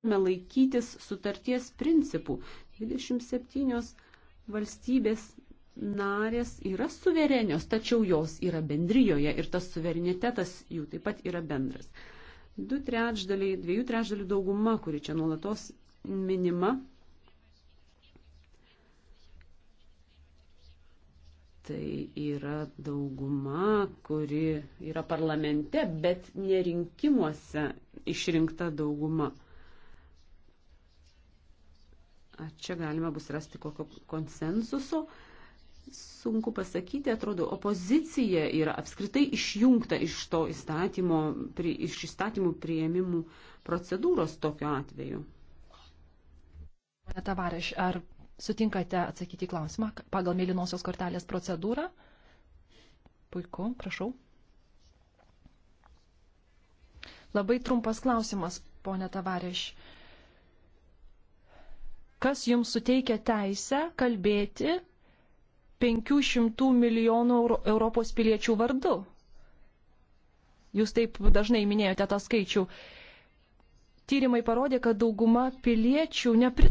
turime laikytis sutarties principų. 27 valstybės narės yra suverenios, tačiau jos yra bendryjoje ir tas suverenitetas jų taip pat yra bendras. Du trečdaliai, dviejų trečdalių dauguma, kuri čia nuolatos minima, tai yra dauguma, kuri yra parlamente, bet ne rinkimuose išrinkta dauguma čia galima bus rasti kokio konsensuso. Sunku pasakyti, atrodo, opozicija yra apskritai išjungta iš to įstatymo, iš įstatymų prieimimų procedūros tokiu atveju. Tavareš, ar sutinkate atsakyti į klausimą pagal mėlynosios kortelės procedūrą? Puiku, prašau. Labai trumpas klausimas, ponė Tavareš. Uh, kas jums suteikia teisę kalbėti 500 milijonų Europos piliečių vardu. Jūs taip dažnai minėjote tą skaičių. Tyrimai parodė, kad dauguma piliečių neprit.